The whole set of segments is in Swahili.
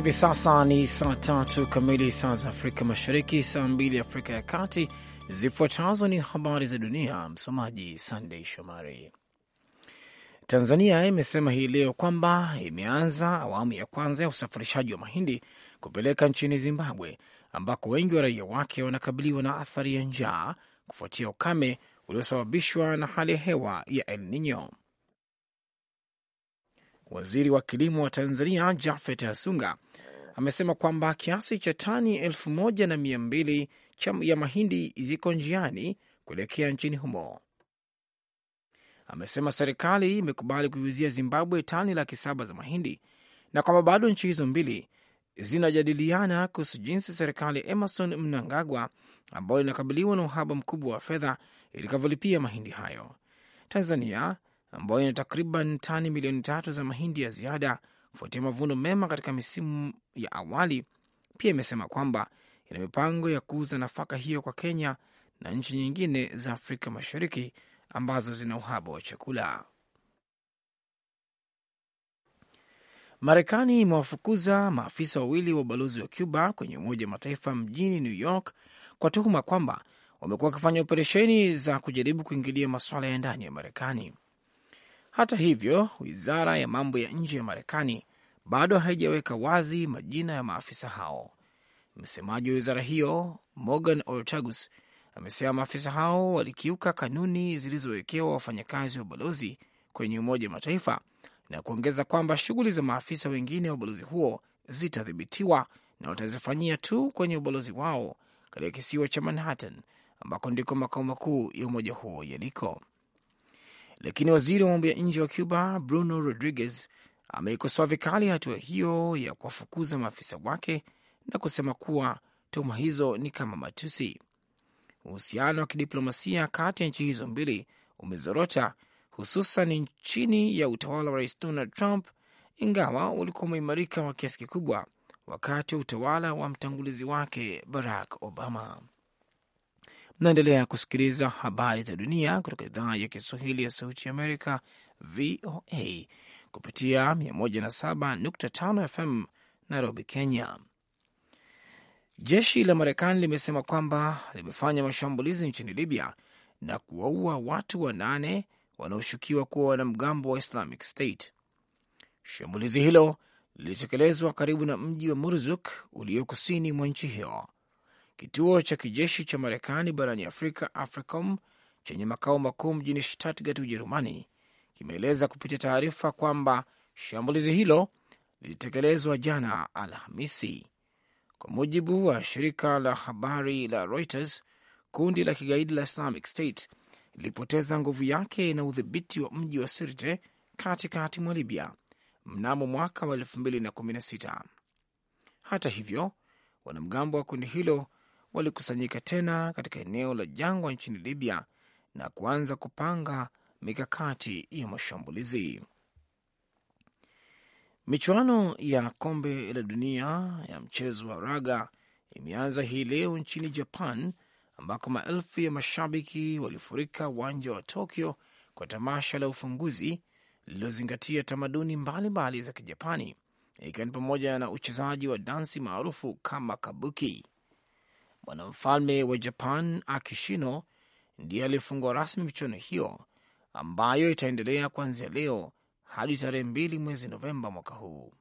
Hivi sasa ni saa tatu kamili saa za Afrika Mashariki, saa mbili Afrika ya Kati. Zifuatazo ni habari za dunia, msomaji Sandei Shomari. Tanzania imesema hii leo kwamba imeanza awamu ya kwanza ya usafirishaji wa mahindi kupeleka nchini Zimbabwe, ambako wengi wa raia wake wanakabiliwa na athari ya njaa kufuatia ukame uliosababishwa na hali ya hewa ya El Nino. Waziri wa kilimo wa Tanzania Jafet Hasunga amesema kwamba kiasi cha tani elfu moja na mia mbili ya mahindi ziko njiani kuelekea nchini humo. Amesema serikali imekubali kuiuzia Zimbabwe tani laki saba za mahindi na kwamba bado nchi hizo mbili zinajadiliana kuhusu jinsi serikali Emerson Mnangagwa ambayo inakabiliwa na uhaba mkubwa wa fedha itakavyolipia mahindi hayo. Tanzania ambayo ina takriban tani milioni tatu za mahindi ya ziada kufuatia mavuno mema katika misimu ya awali, pia imesema kwamba ina mipango ya kuuza nafaka hiyo kwa Kenya na nchi nyingine za Afrika Mashariki ambazo zina uhaba wa chakula. Marekani imewafukuza maafisa wawili wa ubalozi wa Cuba kwenye Umoja wa Mataifa mjini New York kwa tuhuma kwamba wamekuwa wakifanya operesheni za kujaribu kuingilia masuala ya ndani ya Marekani. Hata hivyo, wizara ya mambo ya nje ya Marekani bado haijaweka wazi majina ya maafisa hao. Msemaji wa wizara hiyo Morgan Ortagus amesema maafisa hao walikiuka kanuni zilizowekewa wafanyakazi wa ubalozi kwenye Umoja wa Mataifa na kuongeza kwamba shughuli za maafisa wengine wa ubalozi huo zitadhibitiwa na watazifanyia tu kwenye ubalozi wao katika kisiwa cha Manhattan ambako ndiko makao makuu ya umoja huo yaliko lakini waziri wa mambo ya nje wa Cuba Bruno Rodriguez ameikosoa vikali hatua hiyo ya kuwafukuza maafisa wake na kusema kuwa tuhuma hizo ni kama matusi. Uhusiano wa kidiplomasia kati ya nchi hizo mbili umezorota, hususan chini ya utawala wa rais Donald Trump, ingawa ulikuwa umeimarika kwa kiasi kikubwa wakati wa utawala wa mtangulizi wake Barack Obama. Naendelea kusikiliza habari za dunia kutoka idhaa ya Kiswahili ya Sauti Amerika, VOA, kupitia 107.5 FM Nairobi, Kenya. Jeshi la Marekani limesema kwamba limefanya mashambulizi nchini Libya na kuwaua watu wanane wanaoshukiwa kuwa wanamgambo wa Islamic State. Shambulizi hilo lilitekelezwa karibu na mji wa Murzuk ulio kusini mwa nchi hiyo. Kituo cha kijeshi cha Marekani barani Afrika, AFRICOM, chenye makao makuu mjini Stuttgart, Ujerumani, kimeeleza kupitia taarifa kwamba shambulizi hilo lilitekelezwa jana Alhamisi. Kwa mujibu wa shirika la habari la Reuters, kundi la kigaidi la Islamic State lilipoteza nguvu yake na udhibiti wa mji wa Sirte katikati mwa Libya mnamo mwaka wa 2016. Hata hivyo, wanamgambo wa kundi hilo walikusanyika tena katika eneo la jangwa nchini Libya na kuanza kupanga mikakati ya mashambulizi. Michuano ya kombe la dunia ya mchezo wa raga imeanza hii leo nchini Japan, ambako maelfu ya mashabiki walifurika uwanja wa Tokyo kwa tamasha la ufunguzi lililozingatia tamaduni mbalimbali mbali za Kijapani, ikiwa ni pamoja na uchezaji wa dansi maarufu kama kabuki. Mwanamfalme wa Japan Akishino ndiye alifungua rasmi michuano hiyo ambayo itaendelea kuanzia leo hadi tarehe mbili mwezi Novemba mwaka huu.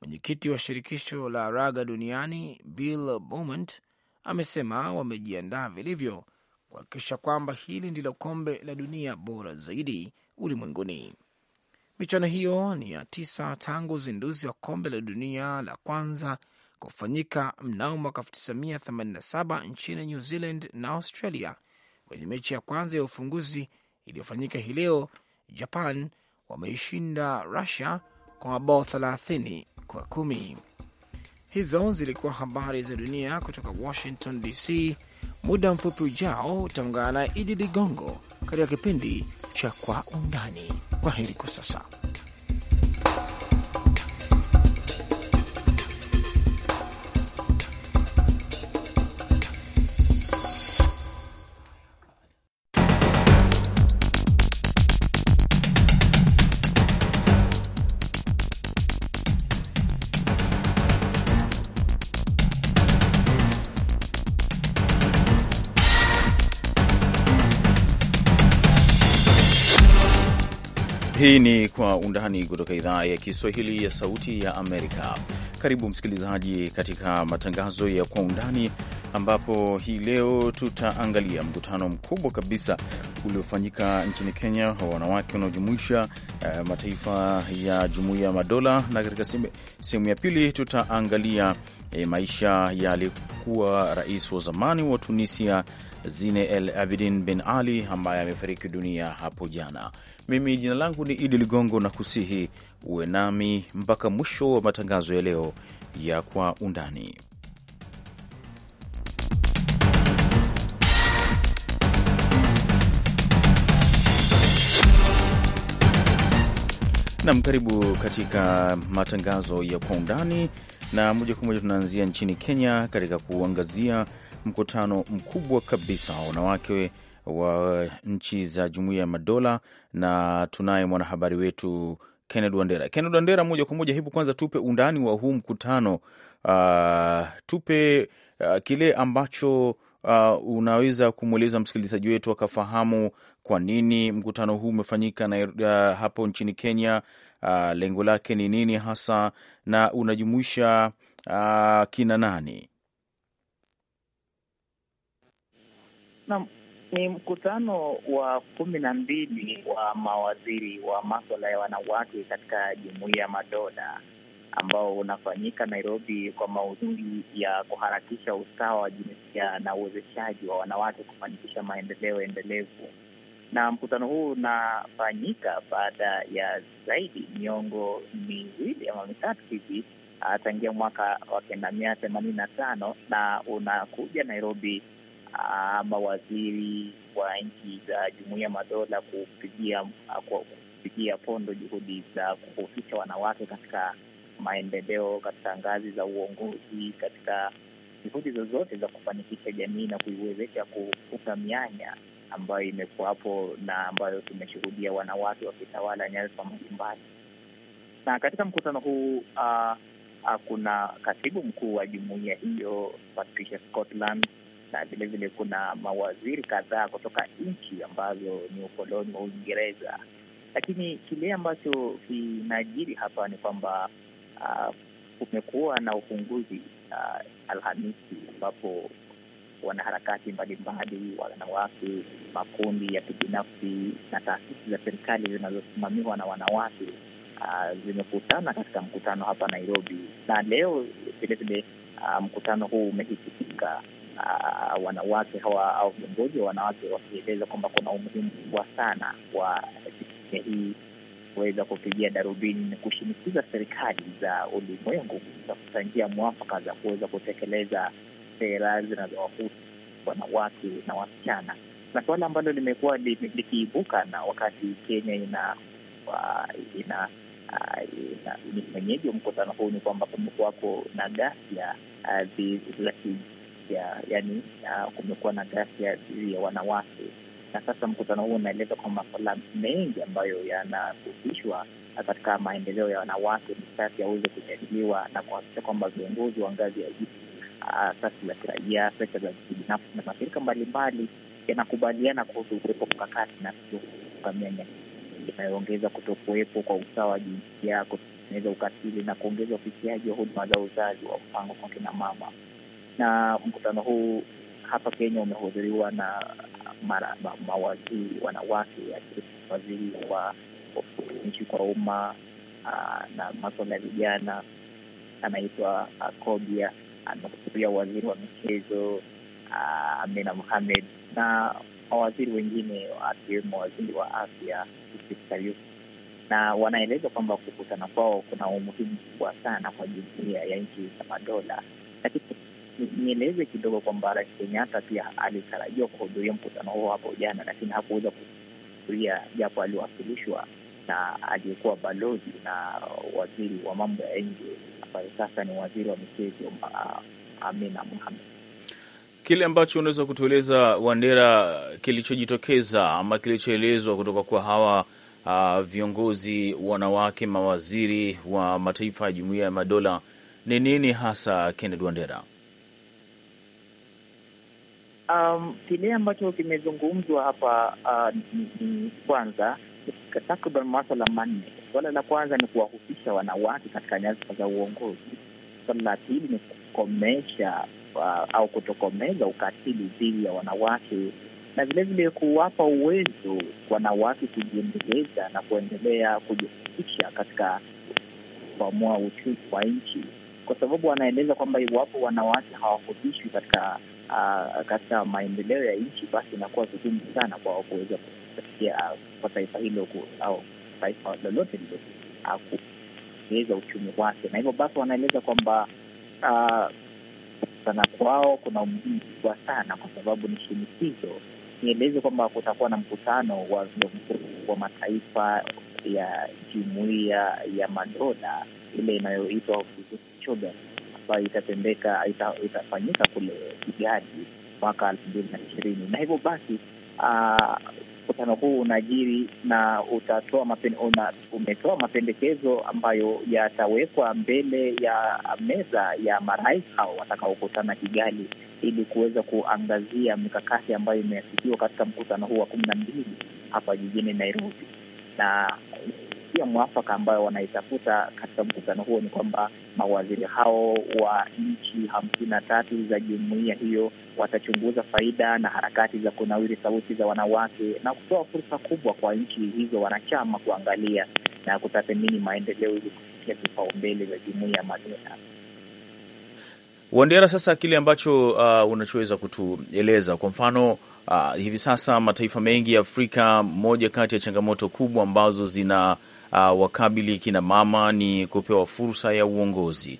Mwenyekiti wa shirikisho la raga duniani Bill Beaumont amesema wamejiandaa vilivyo kuhakikisha kwamba hili ndilo kombe la dunia bora zaidi ulimwenguni. Michuano hiyo ni ya tisa tangu uzinduzi wa kombe la dunia la kwanza kufanyika mnamo mwaka 1987 nchini New Zealand na Australia kwenye mechi ya kwanza ya ufunguzi iliyofanyika hii leo. Japan wameishinda Rusia kwa mabao 30 kwa kumi. Hizo zilikuwa habari za dunia kutoka Washington DC. Muda mfupi ujao utaungana na Idi Ligongo katika kipindi cha Kwa Undani. Kwa heri kwa sasa. Hii ni Kwa Undani kutoka idhaa ya Kiswahili ya Sauti ya Amerika. Karibu msikilizaji, katika matangazo ya Kwa Undani ambapo hii leo tutaangalia mkutano mkubwa kabisa uliofanyika nchini Kenya wa wanawake unaojumuisha eh, mataifa ya Jumuiya ya Madola, na katika sehemu ya pili tutaangalia e, maisha ya aliyekuwa rais wa zamani wa Tunisia Zine El Abidin Ben Ali ambaye amefariki dunia hapo jana. Mimi jina langu ni Idi Ligongo na kusihi uwe nami mpaka mwisho wa matangazo ya leo ya Kwa Undani. Nam, karibu katika matangazo ya Kwa Undani na moja kwa moja tunaanzia nchini Kenya katika kuangazia mkutano mkubwa kabisa wa wanawake wa nchi za Jumuiya ya Madola, na tunaye mwanahabari wetu Kennedy Wandera. Kennedy Wandera, moja kwa moja, hebu kwanza tupe undani wa huu mkutano uh, tupe uh, kile ambacho uh, unaweza kumweleza msikilizaji wetu akafahamu kwa nini mkutano huu umefanyika na, uh, hapo nchini Kenya uh, lengo lake ni nini hasa na unajumuisha uh, kina nani? Naam, ni mkutano wa kumi na mbili wa mawaziri wa maswala ya wanawake katika Jumuiya ya Madola ambao unafanyika Nairobi kwa maudhui ya kuharakisha usawa wa jinsia na uwezeshaji wa wanawake kufanikisha maendeleo endelevu na mkutano huu unafanyika baada ya zaidi miongo miwili ama mitatu hivi ah, tangia mwaka wa kenda mia themanini na tano na unakuja Nairobi ah, mawaziri wa nchi za Jumuiya Madola kupigia ah, kupigia pondo juhudi za kuhusisha wanawake katika maendeleo, katika ngazi za uongozi, katika juhudi zozote za kufanikisha jamii na kuiwezesha kufuta mianya ambayo imekuwapo na ambayo tumeshuhudia wanawake wakitawala nyadhifa mbalimbali. Na katika mkutano huu uh, uh, kuna katibu mkuu wa jumuiya hiyo Patricia Scotland na vilevile kuna mawaziri kadhaa kutoka nchi ambazo ni ukoloni wa Uingereza. Lakini kile ambacho kinajiri hapa ni kwamba ah, kumekuwa na ufunguzi uh, Alhamisi ambapo wanaharakati mbalimbali, wanawake, makundi ya kibinafsi na taasisi za serikali zinazosimamiwa na wanawake ah, zimekutana katika mkutano hapa Nairobi, na leo vilevile ah, mkutano huu umehitikika ah, wanawake hawa au viongozi wa wanawake wakieleza kwamba kuna umuhimu mkubwa sana wa jumuiya hii kuweza kupigia darubini na kushinikiza serikali za ulimwengu kutafuta njia mwafaka za kuweza kutekeleza sera zinazowahusu wanawake na wasichana, na suala ambalo limekuwa likiibuka na wakati Kenya ina ina ni mwenyeji wa mkutano huu ni kwamba kumekuwako na ghasia yaani, kumekuwa na ghasia dhidi ya wanawake, na sasa mkutano huu unaeleza kwa masuala mengi ambayo yanahusishwa katika maendeleo ya wanawake ni sasi yaweze kujadiliwa na kuhakikisha kwamba viongozi wa ngazi ya juu Ah, asasi za kiraia, sekta za kibinafsi na mashirika mbalimbali yanakubaliana kuhusu kuwepo mkakati na kukamia inayoongeza kutokuwepo kwa usawa wa jinsia, kutengeneza ukatili na kuongeza ufikiaji wa huduma za uzazi wa mpango kwa kina mama. Na mkutano huu hapa Kenya umehudhuriwa na mawaziri wanawake, waziri wa utumishi kwa umma ah, na maswala ya vijana, anaitwa ah, Kobia amekusudia waziri wa michezo uh, Amina Mohamed na mawaziri wengine akiwemo waziri wa afya na wanaeleza kwamba kukutana kwao kuna umuhimu mkubwa sana kwa jumuia ya nchi za madola. Lakini nieleze kidogo kwamba Rais Kenyatta pia alitarajiwa kuhudhuria mkutano huo hapo jana, lakini hakuweza kuhudhuria japo aliwasilishwa na aliyekuwa balozi na waziri wa mambo ya nje ambaye sasa ni waziri wa michezo Amina Mohamed. Kile ambacho unaweza kutueleza Wandera, kilichojitokeza ama kilichoelezwa kutoka kwa hawa uh, viongozi wanawake, mawaziri wa mataifa ya jumuiya ya madola ni nini hasa, Kennedy Wandera? Um, kile ambacho kimezungumzwa hapa uh, ni kwanza takriban maswala manne. Suala la kwanza ni kuwahusisha wanawake katika nyadhifa za uongozi. Suala la pili ni kukomesha uh, au kutokomeza ukatili dhidi ya wanawake na vilevile kuwapa uwezo wanawake kujiendeleza na kuendelea kujihusisha katika kuamua uchumi wa nchi, kwa sababu wanaeleza kwamba iwapo wanawake hawahusishwi katika uh, katika maendeleo ya nchi, basi inakuwa vigumu sana kwa kuweza kusaidia kwa taifa hilo au taifa lolote lilo ah, kuongeza uchumi wake, na hivyo basi wanaeleza kwamba ah, sana kwao kuna umuhimu mkubwa sana, kwa sababu ni shinikizo. Nieleze kwamba kutakuwa na mkutano wa wa mataifa ya jumuiya ya madola ile inayoitwa Choga ambayo itatembeka ita, itafanyika kule Kigali mwaka elfu mbili na ishirini na hivyo basi ah, mkutano huu unajiri na utatoa mapen, una, umetoa mapendekezo ambayo yatawekwa mbele ya meza ya marais hao watakaokutana Kigali ili kuweza kuangazia mikakati ambayo imeafikiwa katika mkutano huu wa kumi na mbili hapa jijini Nairobi. Na pia mwafaka ambayo wanaitafuta katika mkutano huo ni kwamba Mawaziri hao wa nchi hamsini na tatu za jumuiya hiyo watachunguza faida na harakati za kunawiri sauti za wanawake na kutoa fursa kubwa kwa nchi hizo wanachama kuangalia na kutathmini maendeleo ili kufikia vipaumbele vya jumuiya ya Madola. Wandera, sasa kile ambacho uh, unachoweza kutueleza kwa mfano uh, hivi sasa mataifa mengi ya Afrika, moja kati ya changamoto kubwa ambazo zina uh, wakabili kina mama ni kupewa fursa ya uongozi.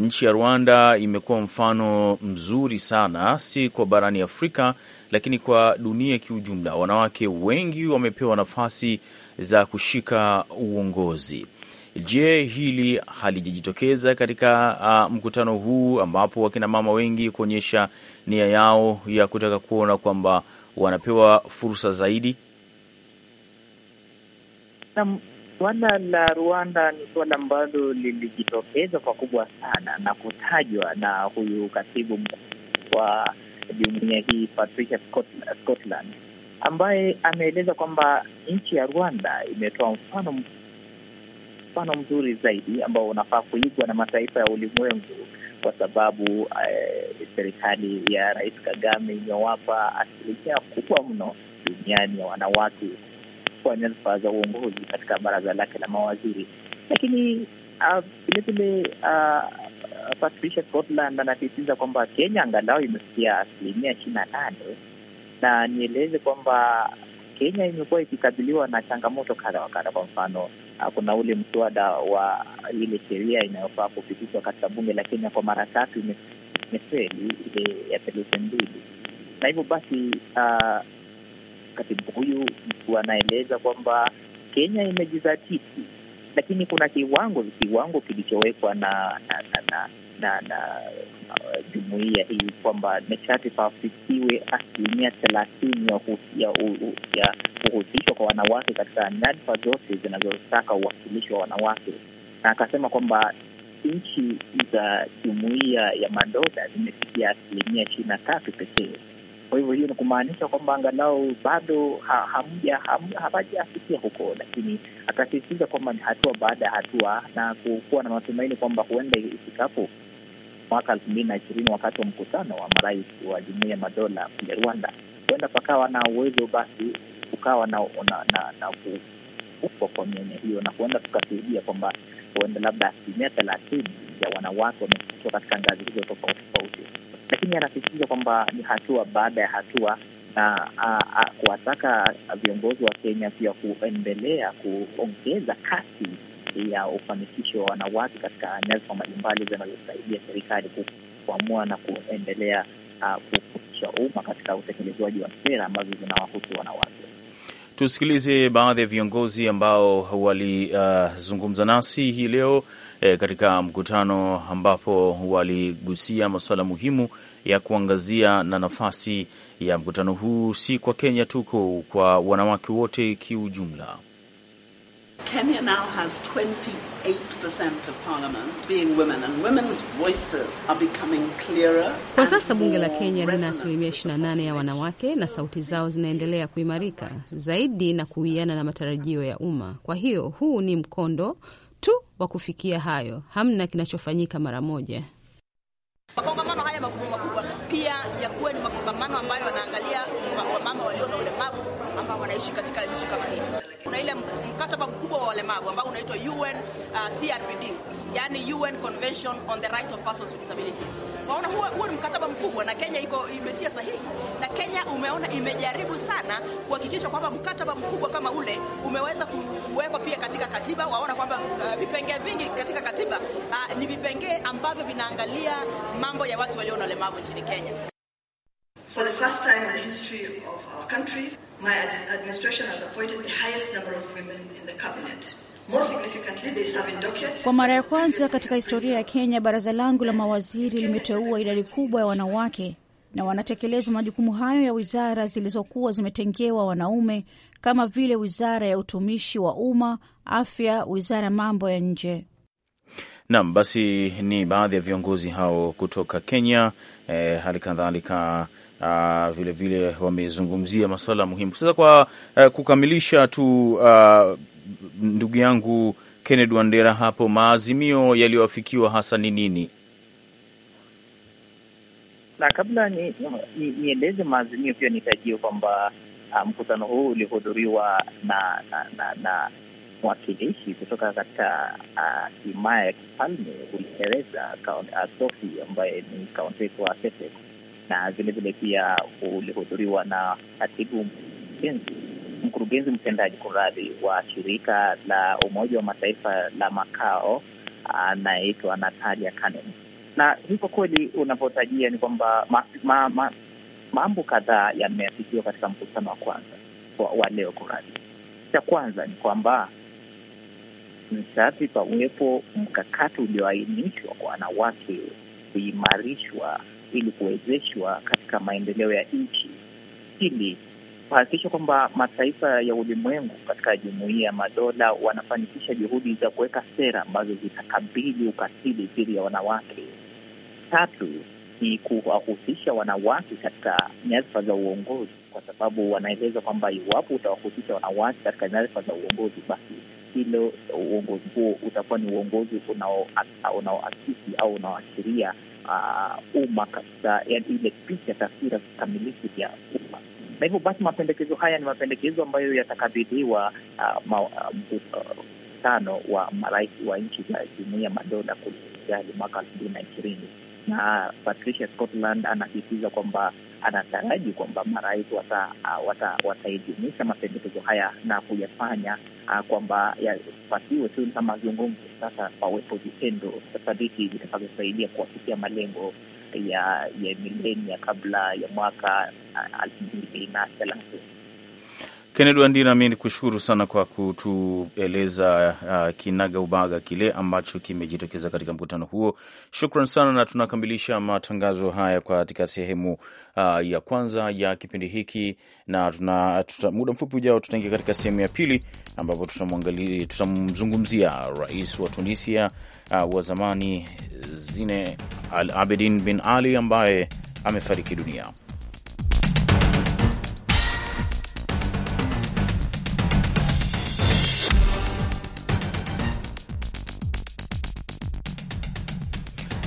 Nchi ya Rwanda imekuwa mfano mzuri sana, si kwa barani Afrika lakini kwa dunia kiujumla. Wanawake wengi wamepewa nafasi za kushika uongozi. Je, hili halijajitokeza katika uh, mkutano huu ambapo wakinamama wengi kuonyesha nia yao ya kutaka kuona kwamba wanapewa fursa zaidi? Suala la Rwanda ni suala ambalo lilijitokeza kubwa sana na kutajwa na huyu katibu mkuu wa jumuia hii Patricia Scotland ambaye ameeleza kwamba nchi ya Rwanda imetoa mfano mfano mzuri zaidi ambao unafaa kuigwa na mataifa ya ulimwengu, kwa sababu eh, serikali ya Rais Kagame imewapa asilimia kubwa mno duniani ya wanawake kuchukua nyadhifa za uongozi katika baraza lake la mawaziri. Lakini vilevile ah, ah, Patricia Scotland anasisitiza kwamba Kenya angalau imefikia asilimia ishirini na nane, na nieleze kwamba Kenya imekuwa ikikabiliwa na changamoto kadha wa kadha. Kwa mfano, ah, kuna ule mswada wa ile sheria inayofaa kupitishwa katika bunge la Kenya kwa mara tatu imefeli, ile eh, ya theluthi mbili, na hivyo basi uh, katibu huyu anaeleza kwamba Kenya imejizatiti, lakini kuna kiwango kiwango kilichowekwa na na na, na, na, na uh, jumuiya hii kwamba ni pafikiwe asilimia thelathini ya kuhusishwa kwa wanawake katika nyadhifa zote zinazotaka uwakilishi wa wanawake, na akasema kwamba nchi za jumuia ya madola zimefikia asilimia ishirini na tatu pekee. Kwa hivyo hiyo ni kumaanisha kwamba angalau bado hamja hawajafikia huko, lakini akasisitiza kwamba ni hatua baada ya hatua na kuwa na matumaini kwamba huenda ifikapo mwaka elfu mbili na ishirini wakati wa mkutano wa marais wa Jumuiya ya Madola kule Rwanda, huenda pakawa na uwezo basi ukawa na na, na, na kufufwa kwa mienye hiyo, na huenda tukashuhudia kwamba huenda labda asilimia thelathini ya wanawake wamefikishwa katika ngazi hizo tofauti tofauti lakini anasisitiza kwamba ni hatua baada ya hatua na kuwataka viongozi wa Kenya pia kuendelea kuongeza kasi ya ufanikisho wa wanawake katika nyadhifa mbalimbali zinazosaidia serikali kuamua na kuendelea kufikisha umma katika utekelezwaji wa sera ambazo zinawahusu wanawake. Tusikilize baadhi ya viongozi ambao walizungumza uh, nasi hii leo e, katika mkutano ambapo waligusia masuala muhimu ya kuangazia, na nafasi ya mkutano huu si kwa Kenya tuko kwa wanawake wote kiujumla. Kenya now has 28% of parliament being women and women's voices are becoming clearer. Kwa sasa bunge la Kenya lina asilimia 28 ya wanawake na sauti zao zinaendelea kuimarika zaidi na kuwiana na matarajio ya umma. Kwa hiyo huu ni mkondo tu wa kufikia hayo. Hamna kinachofanyika mara moja. Makongamano haya makubwa makubwa pia yakuwa ni makongamano ambayo wanaangalia wamama walio na ulemavu ambao wanaishi katika nchi kama hii. Kuna ile mkataba mkubwa wa walemavu ambao unaitwa UN uh, CRPD yani UN Convention on the Rights of Persons with Disabilities. Waona huo, huo ni mkataba mkubwa na Kenya iko imetia sahihi, na Kenya umeona imejaribu sana kuhakikisha kwamba mkataba mkubwa kama ule umeweza kuwekwa pia katika katiba. Waona kwamba uh, vipengee uh, vingi katika katiba uh, ni vipengee ambavyo vinaangalia mambo ya watu walio na ulemavu nchini Kenya. For the first time in the history of our country, my administration has appointed the highest number of women in the cabinet. Kwa mara ya kwanza katika historia ya Kenya, baraza langu la mawaziri limeteua idadi kubwa ya wanawake na wanatekeleza majukumu hayo ya wizara zilizokuwa zimetengewa wanaume kama vile wizara ya utumishi wa umma, afya, wizara ya mambo ya nje. Naam, basi ni baadhi ya viongozi hao kutoka Kenya. Eh, hali kadhalika Uh, wamezungumzia masuala muhimu. Sasa kwa uh, kukamilisha tu uh, ndugu yangu Kennedy Wandera hapo, maazimio yaliyoafikiwa hasa ni nini? Na kabla nieleze ni, maazimio pia nitajie kwamba ah, mkutano um, huu ulihudhuriwa na na, na, na mwakilishi kutoka katika ah, himaya ya kifalme Uingereza, Sophie ambaye ni kaunti wa Sussex, na vilevile pia ulihudhuriwa na katibu mjenzi mkurugenzi mtendaji kuradhi wa shirika la Umoja wa Mataifa la makao anaitwa Natalia Kanem. Na hivyo kweli unavyotajia ni kwamba ma, ma, mambo kadhaa yameafikiwa katika mkutano wa kwanza wa, wa leo kuradhi. Cha kwanza ni kwamba msafi pawepo mkakati ulioainishwa kwa wanawake kuimarishwa ili kuwezeshwa katika maendeleo ya nchi ili kuhakikisha kwamba mataifa ya ulimwengu katika jumuia ya madola wanafanikisha juhudi za kuweka sera ambazo zitakabili ukatili dhidi ya wanawake. Tatu ni kuwahusisha wanawake katika nyadhifa za uongozi, kwa sababu wanaeleza kwamba iwapo utawahusisha wanawake katika nyadhifa za uongozi, basi hilo uongozi huo utakuwa ni uongozi unaoakisi au unaoashiria ah, umma katika yaani ile picha, taswira kamilifu ya na hivyo basi mapendekezo haya ni mapendekezo ambayo yatakabidhiwa uh, uh, mkutano uh, uh, wa marais wa nchi za jumuia Madola kujali mwaka elfu mbili na ishirini na Patricia Scotland anasisitiza kwamba anataraji kwamba marais uh, wataidhinisha wata, wata mapendekezo haya na kuyafanya uh, kwamba yapatiwe tu na mazungumzo, sasa pawepo vitendo sadiki vitakavyosaidia kuwafikia malengo ya ya milenia kabla ya mwaka uh, elfu mbili na thelathini. Kennedy Wandira, mi ni kushukuru sana kwa kutueleza uh, kinaga ubaga kile ambacho kimejitokeza katika mkutano huo. Shukran sana, na tunakamilisha matangazo haya katika sehemu uh, ya kwanza ya kipindi hiki, na tuna, tuta, muda mfupi ujao tutaingia katika sehemu ya pili ambapo tutamzungumzia rais wa Tunisia uh, wa zamani Zine Al Abidin bin Ali ambaye amefariki dunia.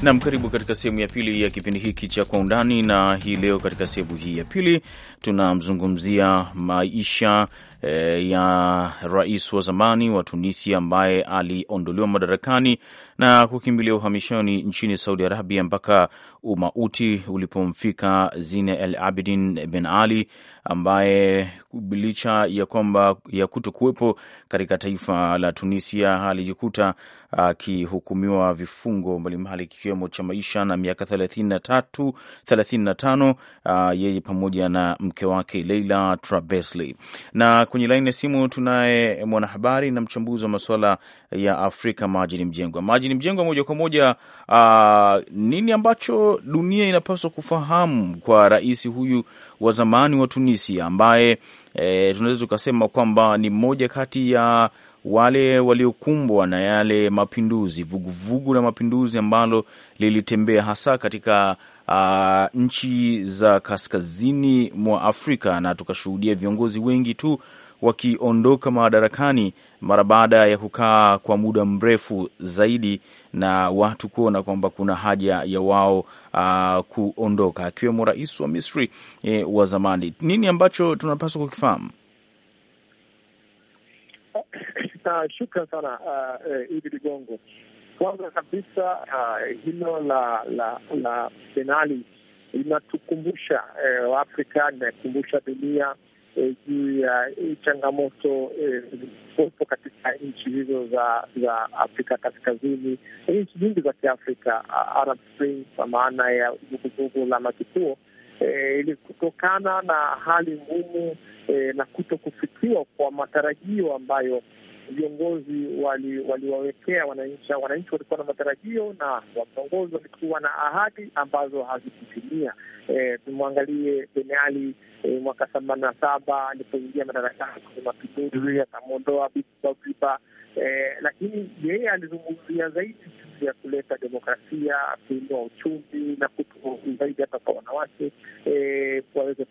Nam, karibu katika sehemu ya pili ya kipindi hiki cha Kwa Undani, na hii leo katika sehemu hii ya pili tunamzungumzia maisha e, ya rais wa zamani wa Tunisia ambaye aliondoliwa madarakani na kukimbilia uhamishoni nchini Saudi Arabia mpaka umauti ulipomfika Zine El Abidin Ben Ali ambaye licha ya kwamba ya kuto kuwepo katika taifa la Tunisia alijikuta akihukumiwa vifungo mbalimbali kikiwemo cha maisha na miaka thelathini na tatu thelathini na tano ah, yeye pamoja na mke wake Leila Trabesli na kwenye laini ya simu tunaye mwanahabari na mchambuzi wa masuala ya Afrika Majini Mjengwa. Majini Mjengwa, moja kwa moja, ah, nini ambacho dunia inapaswa kufahamu kwa rais huyu wa zamani wa Tunisia ambaye eh, tunaweza tukasema kwamba ni mmoja kati ya wale waliokumbwa na yale mapinduzi vuguvugu vugu la mapinduzi ambalo lilitembea hasa katika uh, nchi za kaskazini mwa Afrika, na tukashuhudia viongozi wengi tu wakiondoka madarakani mara baada ya kukaa kwa muda mrefu zaidi na watu kuona kwamba kuna haja ya wao uh, kuondoka, akiwemo rais wa Misri eh, wa zamani. Nini ambacho tunapaswa kukifahamu? Ah, shukran sana uh, Idi Ligongo. Kwanza kabisa uh, hilo la la la penali linatukumbusha uh, eh, Afrika, linakumbusha dunia e, juu ya e, changamoto eh, zilizopo katika nchi hizo za za Afrika Kaskazini nchi nyingi za Kiafrika, Arab Spring kwa maana ya vuguvugu la Machafuko eh, ili e, kutokana na hali ngumu e, na kuto kufikiwa kwa matarajio ambayo viongozi waliwawekea wali wananchi, walikuwa na matarajio na viongozi walikuwa na ahadi ambazo hazikutimia. Tumwangalie Ben Ali mwaka themanini na saba alipoingia madarakani kwenye mapinduzi, akamwondoa bibabiba eh, lakini yeye alizungumzia zaidi ya kuleta demokrasia, kuinua uchumi na zaidi hata kwa wanawake eh, waweze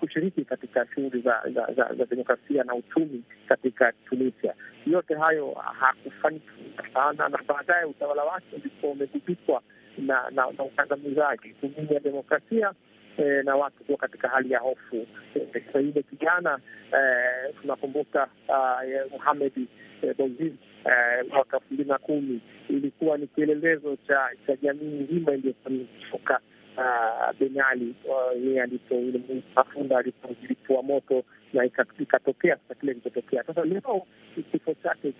kushiriki katika shughuli za, za, za, za demokrasia na uchumi katika Tunisia. Yote hayo hakufanikiwa sana, na baadaye utawala wake ulikuwa umegubikwa na na ukandamizaji, kuminya demokrasia e, na watu kuwa katika hali ya hofu e, kwa yule kijana e, tunakumbuka ah, Muhamedi e, eh, Bouzizi e, mwaka elfu mbili na kumi ilikuwa ni kielelezo cha, cha jamii nzima iliyoanika Ben Ali yeye alipo alipojilipua moto na ikatokea sasa kile ilichotokea Sasa leo kifo chake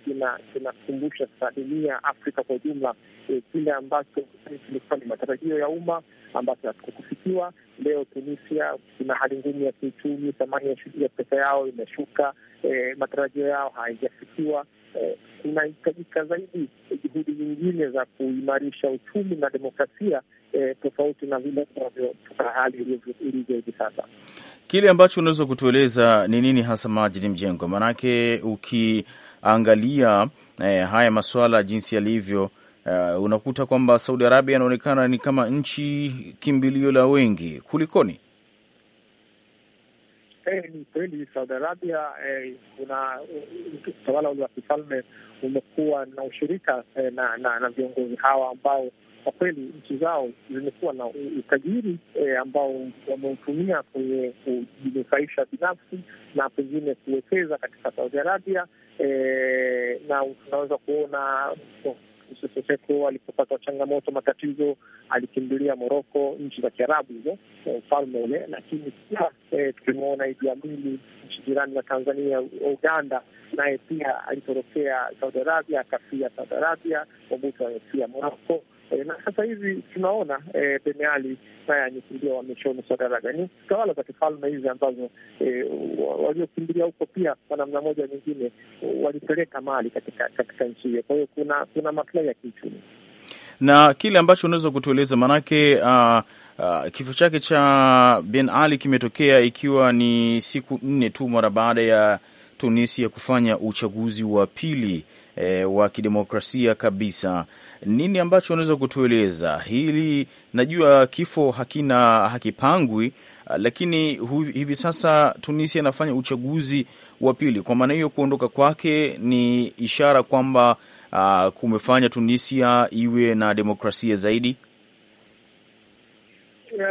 kinakumbusha sasa dunia, Afrika kwa ujumla, eh, kile ambacho kilikuwa ni matarajio ya umma ambacho hatukufikiwa. Leo Tunisia kuna hali ngumu ya kiuchumi, thamani ya pesa yao imeshuka, eh, matarajio yao haijafikiwa eh, inahitajika zaidi juhudi nyingine za kuimarisha uchumi na demokrasia eh, tofauti na vile tunavyotoka hali ilivyo hivi sasa. Kile ambacho unaweza kutueleza ni nini hasa ni mjengo Maanake ukiangalia eh, haya masuala jinsi yalivyo Uh, unakuta kwamba Saudi Arabia inaonekana ni kama nchi kimbilio la wengi. Kulikoni? eh, ni kweli Saudi Arabia eh, kuna eh, utawala wa kifalme umekuwa na ushirika eh, na, na, na viongozi hawa ambao kwa kweli nchi zao zimekuwa na utajiri eh, ambao wameutumia kwenye kujinufaisha binafsi na pengine kuwekeza katika Saudi Arabia eh, na tunaweza kuona Sese Seko alipopata changamoto, matatizo, alikimbilia Moroko, nchi za Kiarabu hizo, ufalme e, ule. Lakini pia e, tukimwona Idi Amini nchi jirani ya Tanzania, Uganda, naye pia alitorokea Saudi Arabia, akafia Saudi Arabia. Mobutu amefia Moroko. E, na sasa hivi tunaona e, eh, Beneali naye anyekimbilia wamesha nusu Ni tawala za kifalme hizi ambazo e, waliokimbilia huko pia kwa namna moja nyingine walipeleka mali katika katika nchi hiyo. Kwa hiyo kuna kuna maslahi ya kiuchumi na kile ambacho unaweza kutueleza maanake, uh, ah, uh, ah, kifo chake cha Ben Ali kimetokea ikiwa ni siku nne tu mara baada ya Tunisia kufanya uchaguzi wa pili e, wa kidemokrasia kabisa. Nini ambacho unaweza kutueleza hili? Najua kifo hakina hakipangwi, lakini hu, hivi sasa Tunisia inafanya uchaguzi wa pili. Kwa maana hiyo kuondoka kwake ni ishara kwamba uh, kumefanya Tunisia iwe na demokrasia zaidi.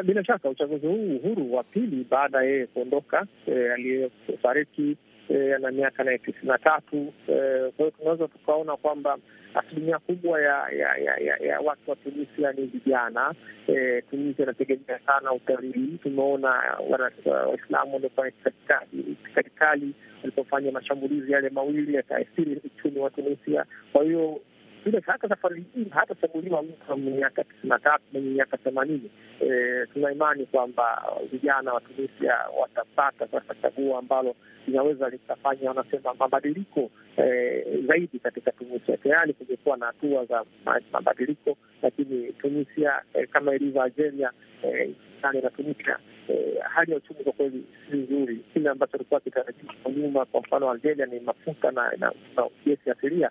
Bila shaka uchaguzi huu uhuru wa pili baada ya yeye kuondoka, e, aliyefariki e, miaka naye tisini na tatu. E, kwa hiyo tunaweza tukaona kwamba asilimia kubwa ya ya, ya, ya, ya watu wa Tunisia ni vijana. E, Tunisia inategemea sana utalii. Tumeona Waislamu waliokuwa serikali walipofanya mashambulizi yale mawili yakaasiri uchumi wa Tunisia. Kwa hiyo bila shaka safari hii hata chaguliwa mtu mwenye miaka tisini na tatu mwenye miaka themanini e, tunaimani kwamba vijana wa Tunisia watapata sasa chaguo ambalo linaweza likafanya, wanasema mabadiliko e, zaidi katika Tunisia. Tayari kumekuwa na hatua za mabadiliko, lakini Tunisia e, kama ilivyo Algeria na Tunisia, hali ya uchumi kwa kweli si nzuri, kile ambacho alikuwa kitarajiwa kwa nyuma. Kwa mfano, Algeria ni mafuta na gesi asilia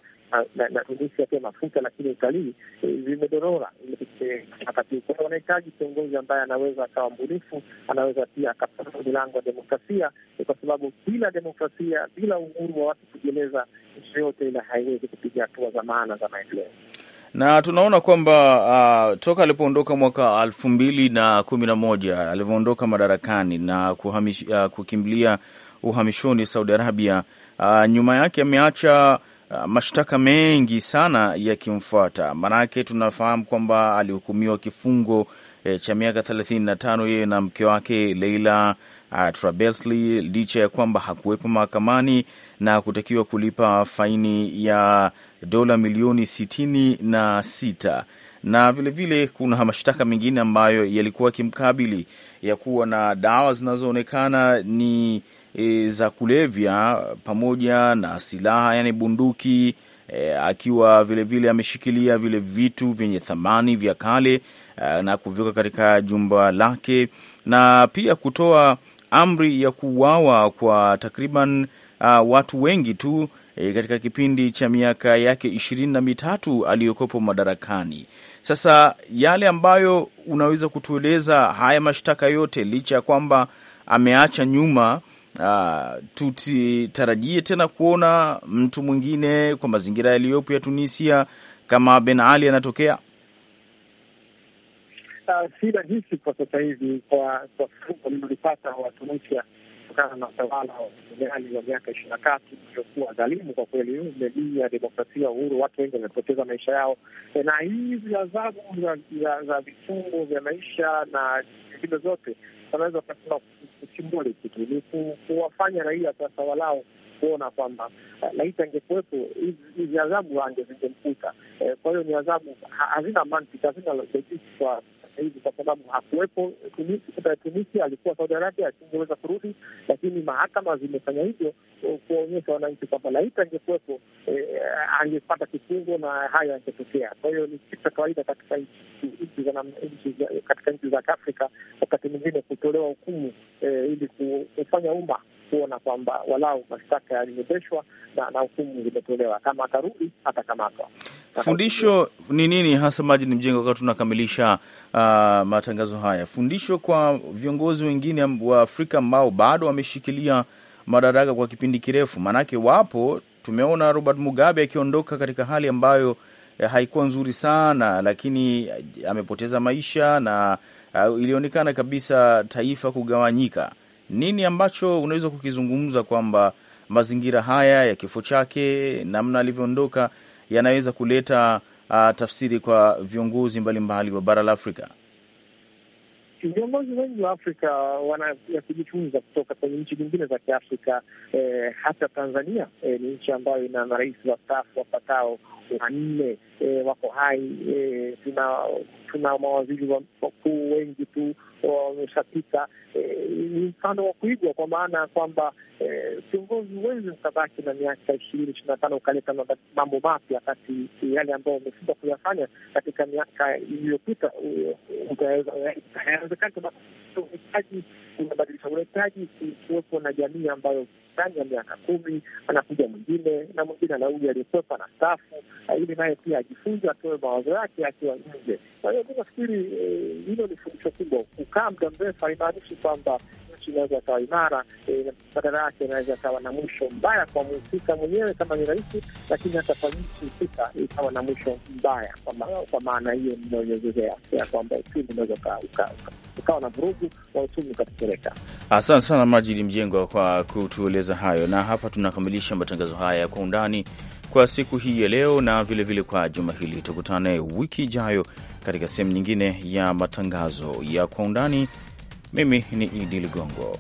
na, ah, na Tunisia pia mafuta, lakini utalii eh, zimedorora vimedorora. Kwa wanahitaji kiongozi ambaye anaweza akawa mbunifu, anaweza pia akafungua milango ya demokrasia, kwa sababu bila demokrasia, bila uhuru wa watu kujieleza, nchi yoyote ile haiwezi kupiga hatua za maana za maendeleo na tunaona kwamba uh, toka alipoondoka mwaka elfu mbili na kumi na moja alivyoondoka madarakani na kuhamish, uh, kukimbilia uhamishoni Saudi Arabia, uh, nyuma yake ameacha Ah, mashtaka mengi sana yakimfuata, maanake tunafahamu kwamba alihukumiwa kifungo eh, cha miaka thelathini na tano yeye na mke wake Leila uh, ah, Trabelsly, licha ya kwamba hakuwepo mahakamani na kutakiwa kulipa faini ya dola milioni sitini na sita na vilevile vile kuna mashtaka mengine ambayo yalikuwa yakimkabili ya kuwa na dawa zinazoonekana ni e, za kulevya pamoja na silaha, yani bunduki e, akiwa vilevile vile ameshikilia vile vitu vyenye thamani vya kale e, na kuvyuka katika jumba lake na pia kutoa amri ya kuuawa kwa takriban uh, watu wengi tu e, katika kipindi cha miaka yake ishirini na mitatu aliyokopo madarakani. Sasa yale ambayo unaweza kutueleza haya mashtaka yote, licha ya kwamba ameacha nyuma uh, ah, tutitarajie tena kuona mtu mwingine kwa mazingira yaliyopo ya Tunisia kama Ben Ali anatokea? Uh, si rahisi kwa sasa hivi kwa fungo lilolipata tunisia kutokana na utawala wa Benali wa miaka ishirini na tatu uliokuwa dhalimu kwa kweli, ya demokrasia, uhuru, watu wengi wamepoteza maisha yao, na hizi adhabu za vifungo vya maisha na vingine zote tunaweza tukasema kuchimbuli kitu, ni kuwafanya raia sasa walao kuona kwamba eh, laiti angekuwepo hizi adhabu ange zingemkuta. Eh, kwa hiyo ni adhabu hazina mantiki, hazina lojiki kwa hivi, kwa sababu hakuwepo Tunisia, alikuwa Saudi Arabia, asingeweza kurudi, lakini mahakama zimefanya hivyo uh, kuwaonyesha wananchi kwamba laiti angekuwepo eh, eh, angepata kifungo na haya yangetokea. Kwa hiyo ni kitu cha kawaida katika katika nchi za kiafrika wakati mwingine kutolewa hukumu eh, ili kufanya umma kuona kwamba walau mashtaka yalimebeshwa na hukumu zimetolewa. Kama atarudi atakamatwa. Fundisho ni nini hasa, maji ni mjengo? Wakati tunakamilisha uh, matangazo haya, fundisho kwa viongozi wengine wa Afrika ambao bado wameshikilia madaraka kwa kipindi kirefu, maanake wapo. Tumeona Robert Mugabe akiondoka katika hali ambayo eh, haikuwa nzuri sana, lakini amepoteza maisha na uh, ilionekana kabisa taifa kugawanyika. Nini ambacho unaweza kukizungumza kwamba mazingira haya ya kifo chake, namna alivyoondoka yanaweza kuleta uh, tafsiri kwa viongozi mbalimbali wa bara la Afrika? Viongozi wengi wa Afrika wana kutoka kwenye nchi nyingine za Kiafrika. Eh, hata Tanzania eh, ni nchi ambayo ina marais wastaafu wapatao wanne eh, wako hai. Eh, tuna, tuna mawaziri wakuu wengi tu wameshapita ni eh, mfano wa kuigwa, kwa maana ya kwamba viongozi eh, huwezi ukabaki na miaka ishirini ishirini na tano ukaleta mambo mapya kati yale ambayo umeshindwa kuyafanya katika miaka iliyopita. Haiwezekani, unabadilisha, unahitaji kuwepo na jamii ambayo ndani ya miaka kumi anakuja mwingine na mwingine anauja aliyekwepa na stafu eh, ili naye pia ajifunze, atoe mawazo yake akiwa nje. Kwa hiyo mi nafikiri eh, hilo ni fundisho kubwa. Kukaa muda mrefu haimaanishi kwamba nchi inaweza ikawa imara, eh, badala yake inaweza akawa na mwisho mbaya kwa mhusika mwenyewe kama ni rahisi, lakini hata kwa nchi husika ikawa na mwisho mbaya. Kwa maana hiyo inayoelezea ya kwamba uchumi unaweza ukawa na vurugu wa uchumi ukatetereka. Asante sana Majidi Mjengwa kwa kutueleza hayo, na hapa tunakamilisha matangazo haya ya kwa undani kwa siku hii ya leo na vilevile vile kwa juma hili. Tukutane wiki ijayo katika sehemu nyingine ya matangazo ya kwa undani. Mimi ni Idi Ligongo.